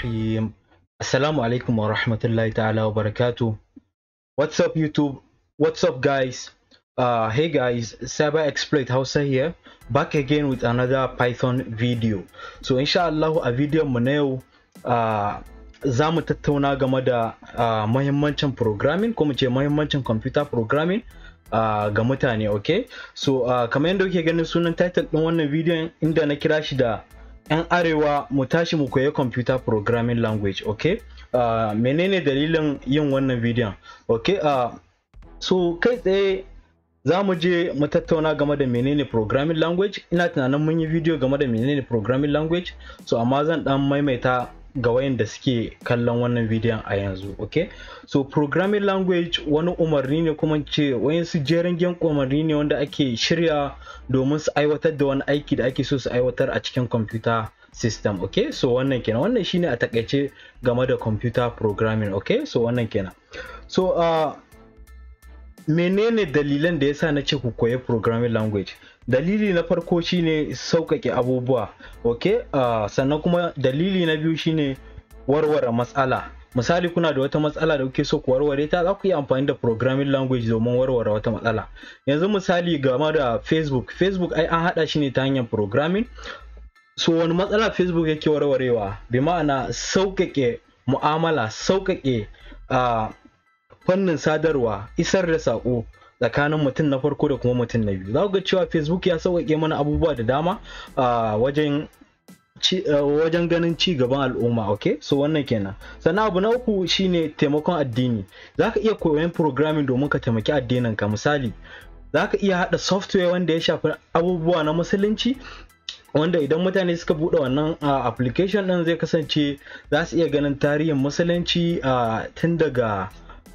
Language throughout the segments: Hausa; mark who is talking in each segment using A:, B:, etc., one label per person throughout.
A: Bismillahirrahmanirrahim. Assalamu alaikum wa rahmatullahi ta'ala wa barakatuh. What's up YouTube? What's up guys? Uh, hey guys, Cyber Exploit Hausa here, back again with another Python video. So inshallah a video mu na yau uh, za mu tattauna game da uh, muhimmancin programming ko mu ce mahimmancin computer programming Uh, ga mutane okay so uh, kamar yadda kuke ganin sunan title ɗin wannan bidiyon inda na kira shi da 'yan arewa mu tashi mu koyi computer programming language okay uh, menene dalilin yin wannan bidiyon okay uh, so kai tsaye za mu je mu tattauna game da menene programming language ina tunanin mun yi video game da menene programming language so amma zan dan maimaita ga wayanda suke kallon wannan bidiyon a yanzu okay so programming language wani umarni ne kuma ce wayansu jerin umarni ne wanda ake shirya domin su aiwatar da wani aiki da ake so su aiwatar a cikin computer system okay so wannan kenan wannan shine a takaice game da computer programming okay so wannan kenan so uh, menene dalilan da yasa na ce ku koyi programming language dalili na farko shine sauƙaƙe abubuwa ok uh, sannan kuma dalili na biyu shine warware matsala misali kuna da wata matsala da kuke so ku warware ta za ku yi amfani da programming language domin warware wata matsala yanzu misali game da facebook facebook ai an haɗa shi ne ta hanyar programming so wani matsala facebook yake warwarewa bi ma'ana sauƙaƙe mu'amala sauƙaƙe ah, fannin sadarwa isar da saƙo tsakanin mutum na farko da kuma mutum na biyu za ga cewa facebook ya sauƙaƙe mana abubuwa da dama wajen wajen ganin ci gaban al'umma ok so wannan kenan sannan abu na uku shine taimakon addini za ka iya koyon programming domin ka taimaki addinin ka misali za ka iya haɗa software wanda ya shafi abubuwa na musulunci wanda idan mutane suka buɗe wannan application ɗin zai kasance za su iya ganin tarihin musulunci tun daga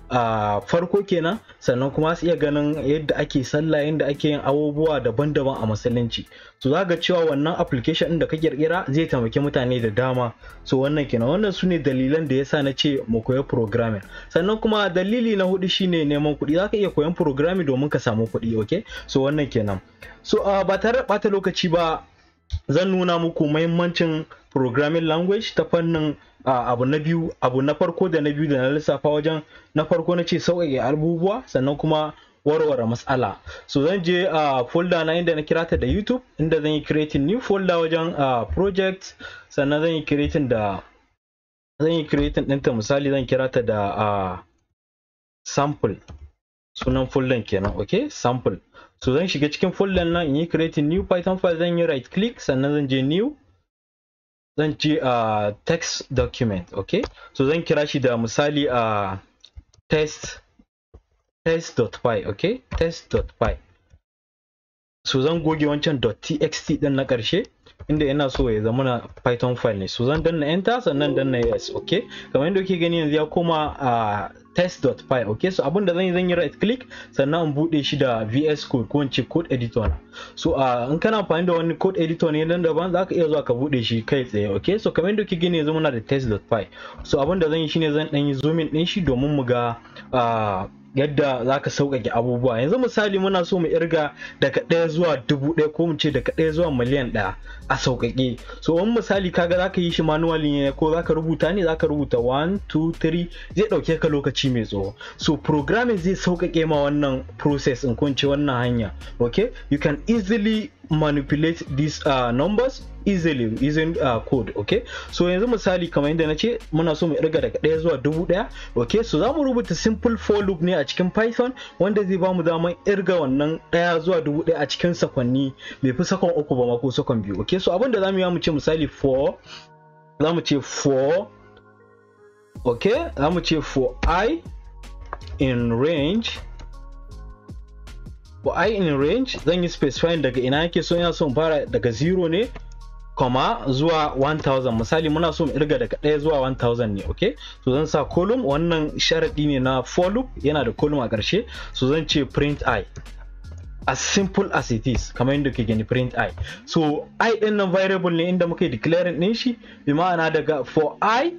A: a farko kenan sannan kuma su iya ganin yadda ake sallah yadda ake yin abubuwa daban-daban a musulunci Su za ga cewa wannan application din da ka kirkira zai taimaki mutane da dama so wannan kenan wannan su ne dalilan da ya sa na ce mu koya programming sannan kuma dalili na hudu shine neman kuɗi za ka iya koyan programming domin ka samu kuɗi okay so wannan kenan so uh, ba tare da ɓata lokaci ba zan nuna muku muhimmancin programming language ta fannin abu na biyu abu na farko da na biyu da na lissafa wajen na farko na ce sauƙaƙe abubuwa sannan kuma warware matsala so zan je a folder na inda na kira ta da youtube inda zan yi creating new folder wajen project sannan zan yi creating da zan yi creating ɗinta misali zan kira ta da sample sunan folder kenan ok sample so zan shiga cikin folder nan in yi creating new python file zan yi right click sannan zan je new zan ce a text document okay so zan kira shi da misali a test test.py okay test.py so zan goge wancan .txt din na karshe inda yana so ya zama na python file ne so zan danna enter sannan danna yes okay kamar yadda kuke gani yanzu ya koma a test.py okay so abinda zan yi zan yi right click sannan in bude shi da vs code ko in code editor so uh, in kana amfani da wani code editor ne dan daban zaka iya zuwa ka bude shi kai tsaye okay so kamar yadda kuke gani yanzu muna da test.py so abinda zan yi shine zan dan yi zoom in din shi domin mu ga uh, yadda za ka sauƙaƙe abubuwa yanzu misali muna so mu irga daga ɗaya zuwa dubu ɗaya ko mu ce daga ɗaya zuwa miliyan ɗaya a sauƙaƙe so wani misali kaga za ka yi shi manuwali ne ko za ka rubuta ne za ka rubuta 1 2 3 zai ɗauke ka lokaci mai tsawo so programming zai sauƙaƙe ma wannan process in kun ce wannan hanya okay you can easily manipulate these uh, numbers easily using uh, code okay so yanzu misali kamar yadda na ce muna so mu irga daga ɗaya zuwa dubu ɗaya okay so za mu rubuta simple for loop ne a cikin python wanda zai ba mu damar irga wannan ɗaya zuwa dubu ɗaya a cikin sakonni bai fi sakon uku ba ma ko sakon biyu okay so abinda za mu yi mu ce misali for za mu ce for okay za mu ce for i in range for i in range zan yi specifying daga ina yake so ina son fara daga zero ne comma zuwa 1000 misali muna so mu irga daga 1 zuwa 1000 ne okay so zan sa column wannan sharadi ne na for loop yana da column a ƙarshe so zan ce print i as simple as it is kamar yadda ke gani print i so i din nan variable ne inda muka yi declaring din shi bi ma'ana daga for i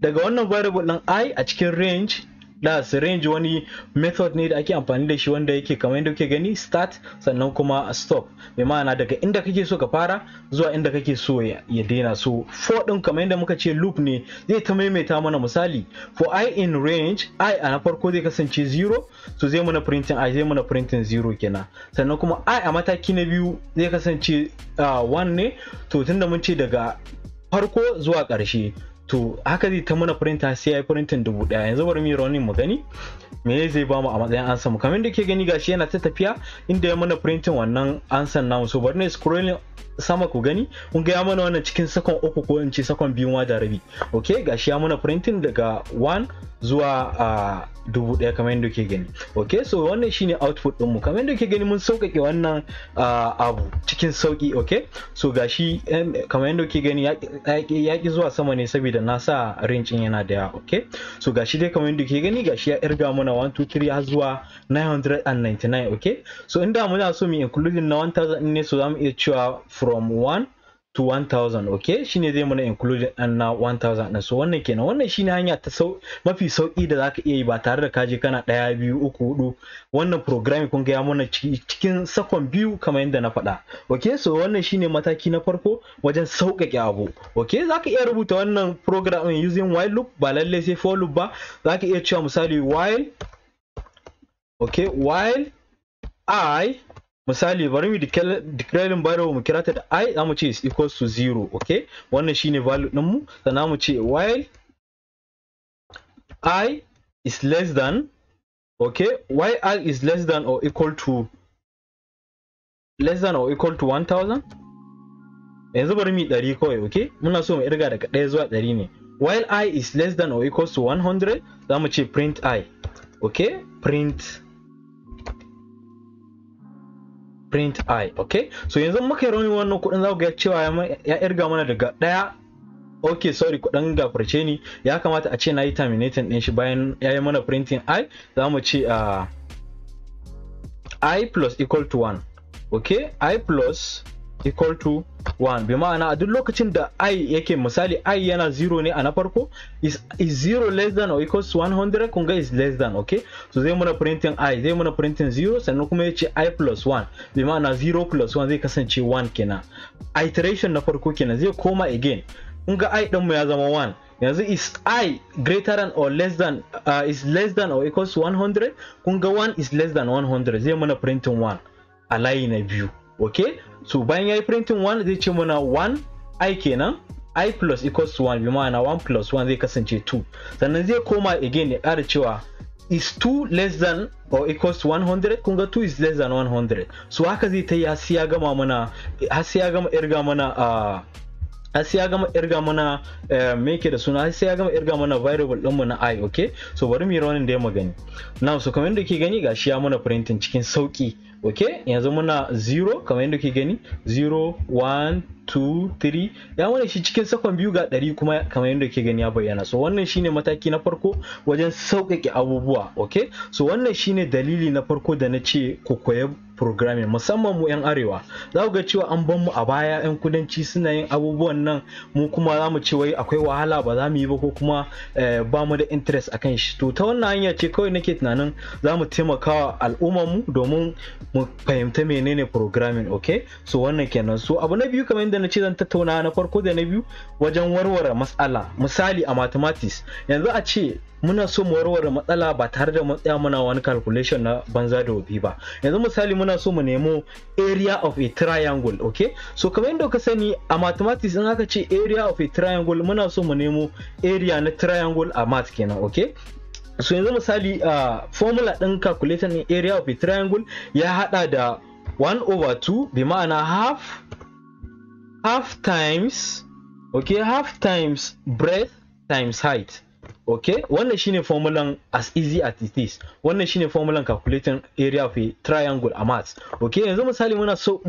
A: daga wannan variable din i a cikin range da syringe wani method ne da ake amfani da shi wanda yake kamar yadda kuke gani start sannan kuma stop mai ma'ana daga inda kake so ka fara zuwa inda kake so ya daina so for din kamar yadda muka ce loop ne zai ta maimaita mana misali for i in range i a na farko zai kasance 0 so zai mana printing i zai mana printing 0 kenan sannan kuma i a mataki na biyu zai kasance 1 ah, ne to tunda mun ce daga farko zuwa karshe. to haka zai ta mana printer sai ya yi printing dubu daya yanzu bari mu yi running mu gani me zai ba mu a matsayin ansa mu kamar da ke gani gashi yana ta tafiya inda ya mana printing wannan ansan namu so bari na scrolling sama ku gani kun ga ya mana wannan cikin sakon uku ko in ce sakon biyu ma da rabi okay gashi ya mana printing daga 1 zuwa dubu daya kamar yadda ke gani okay so wannan shine output din mu kamar yadda ke gani mun sauƙaƙe wannan abu cikin sauƙi okay so gashi kamar yadda ke gani yaƙi zuwa sama ne saboda da na sa rincin yana da yawa okay so gashi dai kamar yadda ke gani gashi ya irga mana 123 har zuwa 999 okay so inda muna so mu include na 1000 ne so zamu iya cewa from 1 to 1000 okay ne zai mana inclusion ɗin na 1000 ɗin so wannan kenan wannan shine hanya ta mafi sauki da zaka iya yi ba tare da kaje kana ɗaya biyu uku hudu wannan programming kun ga ya mana cikin sakon biyu kamar yadda na faɗa okay so wannan shine mataki na farko wajen sauƙaƙe abu okay zaka iya rubuta wannan program using while loop ba lallai sai for loop ba zaka iya cewa misali while okay while i misali bari mu declaring variable mu kira ta da i za mu ce is equals to zero, okay wannan shine value din mu sannan mu ce while i is less than okay while i is less than or equal to less than or equal to 1000 yanzu bari mu dari 100 kawai okay muna so mu irga daga 1 zuwa 100 ne while i is less than or equal to 100 za mu ce print i okay print print i ok so yanzu muka yi rauni wannan kudin za ku ga cewa ya irga mana daga daya ok sorry kudin gafarce ne ya kamata a ce na yi terminating din shi bayan ya yi mana printing i za mu ce i ah, plus equal to 1 ok i plus equal to 1 bi ma'ana a duk lokacin da i yake misali i yana 0 ne a na farko is, 0 less than or equals to 100 kunga is less than okay so zai muna printing i zai muna printing 0 sannan kuma ya ce i plus 1 bi ma'ana 0 plus 1 zai kasance 1 kenan iteration na farko kenan zai koma again kunga i ɗinmu ya zama 1 yanzu is i greater than or less than uh, is less than or equals to 100 kunga 1 is less than 100 zai muna printing 1 a layi na biyu okay so bayan yayi printing 1 zai ce mana 1 i kenan i plus equals to 1 bi ma'ana 1 plus 1 zai kasance 2 sannan zai koma again ya ƙara cewa is 2 less than or equals to 100 kunga 2 is less than 100 so haka zai ta yi ya gama irga mana a ah, ya gama irga mana eh, da suna sai ya gama irga mana variable ɗinmu na i okay so bari mu yi da ya magani gani now so kamar yadda ke gani gashi ya mana printing cikin sauki ok yanzu muna 0 kamar yadda kuke gani 0 1 2 3 ya mana shi cikin sakon biyu ga ɗari kuma kamar yadda ke gani ya bayyana so wannan shine mataki na farko wajen sauƙaƙe abubuwa ok so wannan shine dalili na farko da na ce ku koya programming musamman mu 'yan arewa za ga cewa an ban mu a baya 'yan kudanci suna yin abubuwan nan mu kuma za mu ce wai akwai wahala ba za mu yi ba ko kuma eh, ba mu da interest akan shi to ta wannan hanya ce kawai nake tunanin za mu taimaka wa al'ummar mu domin mu fahimta menene programming ok so wannan kenan so abu na biyu kamar da na ce zan tattauna na farko da na biyu wajen warware matsala misali a mathematics yanzu a ce muna so mu warware matsala ba tare da matsaya muna wani calculation na banza da wabi ba yanzu misali muna so mu nemo area of a triangle okay so kamar yadda ka sani a mathematics in aka ce area of a triangle muna so mu nemo area na triangle a math kenan okay so yanzu misali a formula ɗin calculating area of a triangle ya hada da 1 over 2 bi ma'ana half half times okay half times breadth times height okay wannan shine formulan as easy as it is wannan shine formulan calculating area of a triangle a maths okay yanzu misali muna so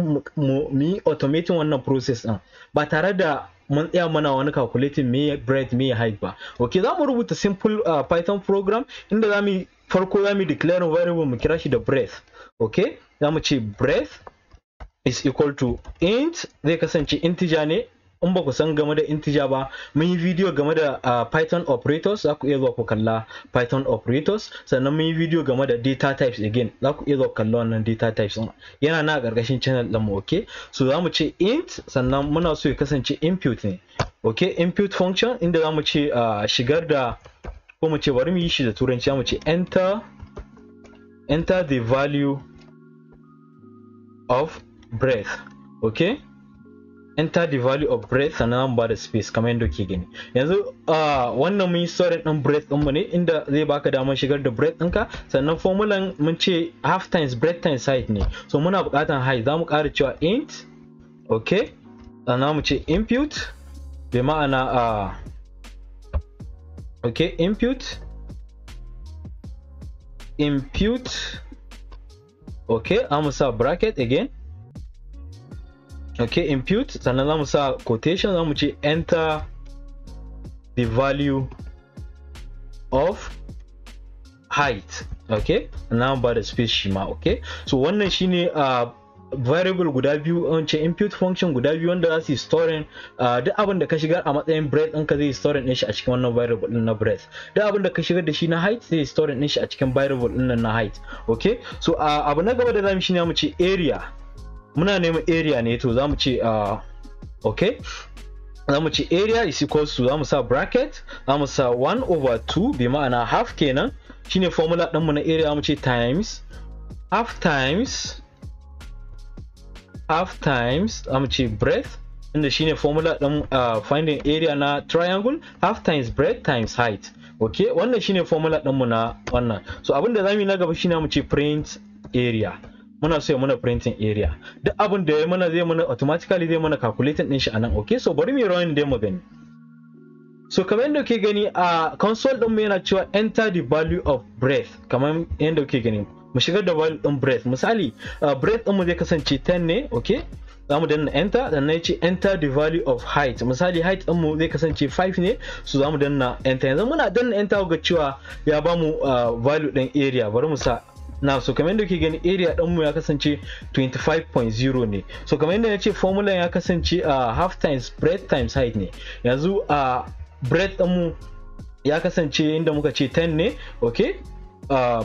A: mu yi automating wannan process din ba tare da mun tsaya mana wani calculating me breadth me height ba okay za mu rubuta simple uh, python program inda za mu farko za mu declare variable mu kira shi da breadth okay za mu ce breadth is equal to int zai kasance integer ne in ba ku san game da integer ba mun yi video game da uh, python operators za ku iya zuwa ku kalla python operators sannan mun yi video game da data types again za ku iya zuwa kalla wannan data types din yana na gargashin channel din mu okay so za mu ce int sannan muna so ya kasance input ne okay input function inda za mu ce uh, shigar da ko mu ce bari mu yi shi da turanci za mu ce enter enter the value of breath okay enter the value of breath sannan zamu bada space kamar yadda kuke gani yanzu ah, wannan mun yi storing din breath din mu ne inda zai baka damar shigar da breath ɗinka sannan formulan mun ce half times breath times height ne so muna buƙatar height mu ƙara cewa int okay sannan mu ce input bi ma'ana a ah, okay input impute okay za sa bracket again okay impute sannan zamu sa quotation zamu ce enter the value of height okay na ba da space shi ma okay so wannan shine a uh, variable guda biyu wance impute function guda biyu wanda za su yi storing uh, duk abin da ka shigar a matsayin breadth ɗinka zai storing ɗin shi a cikin wannan variable ɗin na breadth duk abin da ka shigar da shi na height zai storing ɗin shi a cikin variable ɗin na height okay so uh, abu na gaba da zamu shine mu ce area muna neman area ne to za mu ce ah, ok zamu ce area is equals to za mu sa bracket za mu sa 1 over 2 bi ma'ana half kenan shine formula ɗinmu na area mu ce times half times half times za mu ce breadth inda shine formula ɗin ah, finding area na triangle half times breadth times height ok wannan shine formula ɗinmu na wannan so abinda za mu yi na gaba shine mu ce print area muna so ya mana printing area duk abin da ya mana zai mana automatically zai mana calculating din shi anan okay so bari mu run demo mu gani so kamar yadda kuke gani a console din mu yana cewa enter the value of breath kamar yadda kuke gani mu shigar da value din breath misali breath din mu zai kasance 10 ne okay za mu danna enter sannan ya ce enter the value of height misali height din mu zai kasance 5 ne so za mu danna enter yanzu muna danna enter ga cewa ya bamu value din area bari mu sa na so kamar yadda kuke gani area ɗinmu ya kasance 25.0 ne so kamar yadda ya ce formula ya kasance a half times breadth times height ne yanzu a breadth ɗinmu ya kasance inda muka ce 10 ne ok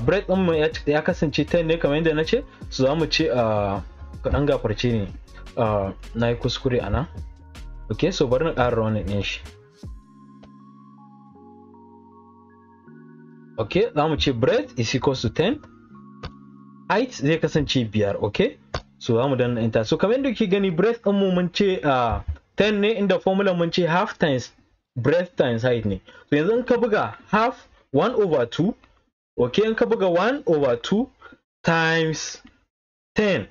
A: breadth ɗinmu ya kasance 10 ne kamar yadda na ce so za mu ce kaɗan gafarce ne na yi kuskure ana ok so bari na ƙara wannan ɗin shi ok za mu ce breadth is equal to 10 height zai kasance biyar ok so za mu danna enter so kamar yadda kuke gani breadth din mu mun ce a 10 ne inda formula mun ce half times breadth times height ne so yanzu in ka buga half 1 over 2 ok in ka buga 1 over 2 times 10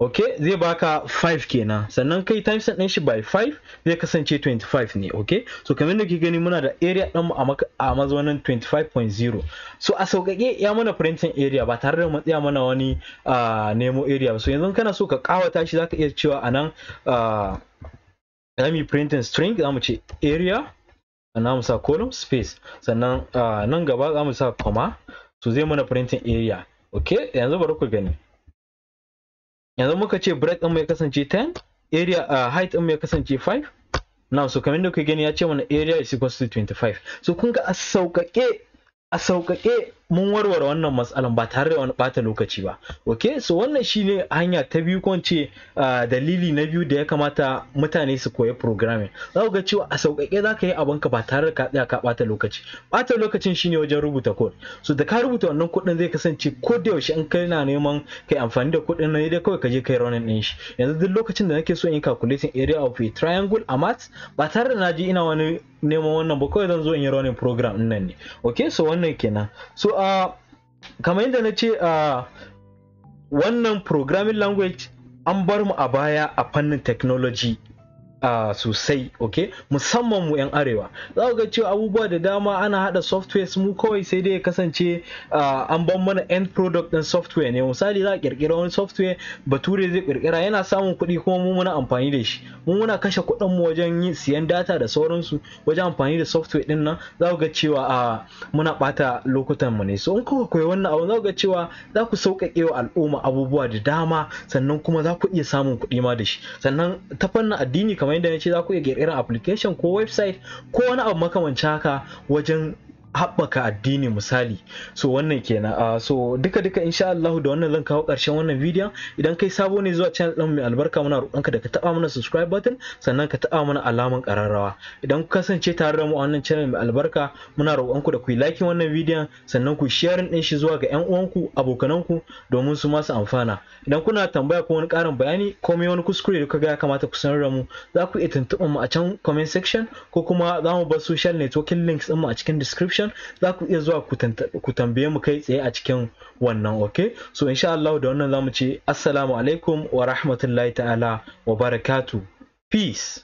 A: ok zai baka 5 kenan sannan kai times ɗin shi by 5 zai kasance 25 ne ok so kamar da ke gani muna da area ɗin mu a mazaunin 25.0 so a sauƙaƙe ya mana printing area ba tare da matsaya mana wani uh, nemo area ba so yanzu kana so ka ƙawata shi zaka iya cewa a nan uh, printing string za mu ce area sannan mu sa column space sannan nan gaba za mu sa comma so zai mana printing area ok yanzu bari ku gani yanzu muka ce breadth din mu ya kasance 10 area uh, height din mu ya kasance 5 now so kamar da kuke gani ya ce mana area is equal to 25 so kun ga a sauƙaƙe a sauƙaƙe mun warware wannan matsalan ba tare da wani bata lokaci ba ok so wannan shine hanya ta biyu ko ce dalili na biyu da ya kamata mutane su koya programming za ku ga cewa a sauƙaƙe za ka yi abinka ba tare da ka tsaya ka bata lokaci bata lokacin shine wajen rubuta code so da ka rubuta wannan kuɗin zai kasance ko da yaushe in kai na neman kai amfani da kuɗin nan dai kawai ka je kai running din shi yanzu duk lokacin da nake so in calculating area of a triangle a math ba tare da na ji ina wani neman wannan ba kawai zan zo in yi running program nan ne ok so wannan kenan so a kamar yadda na ce a wannan programming language an bar mu a baya a fannin technology Uh, sosai ok musamman mu 'yan arewa za ga cewa abubuwa da dama ana hada software mu kawai sai dai ya kasance uh, an ban mana end product din software ne misali za a kirkira wani software bature zai kirkira yana samun kuɗi kuma mu muna amfani da shi mu muna kashe kuɗin mu wajen yin siyan data da sauransu wajen amfani da software din nan za ga cewa uh, muna bata lokutan mu ne so in kuka koyi wannan abu za ga cewa za ku sauƙaƙe wa al'umma abubuwa da dama sannan kuma za ku iya samun kuɗi ma da shi sannan ta fannin addini kamar kamar yadda na ce za ku iya kirkirar application ko website ko wani abu makamanci haka wajen haɓaka addini misali so wannan kenan uh, so duka duka insha Allah da wannan zan kawo ƙarshen wannan bidiyon idan kai sabo ne zuwa channel ɗin mai albarka muna ka da ka taɓa mana subscribe button sannan ka taɓa mana alaman ƙararrawa idan ku kasance tare da mu a wannan channel mai albarka muna ku da ku yi like wannan bidiyon sannan ku sharing ɗin shi zuwa ga ƴan uwanku abokananku domin su masu amfana idan kuna tambaya ko wani ƙarin bayani ko mai wani kuskure da kuka ga ya kamata ku sanar da mu za ku iya tuntuɓar mu a can comment section ko kuma za mu bar social networking links ɗin mu a cikin description description za ku iya zuwa ku tambaye mu kai tsaye a cikin wannan ok so insha Allah da wannan zamu ce assalamu alaikum wa rahmatullahi ta'ala wa barakatu peace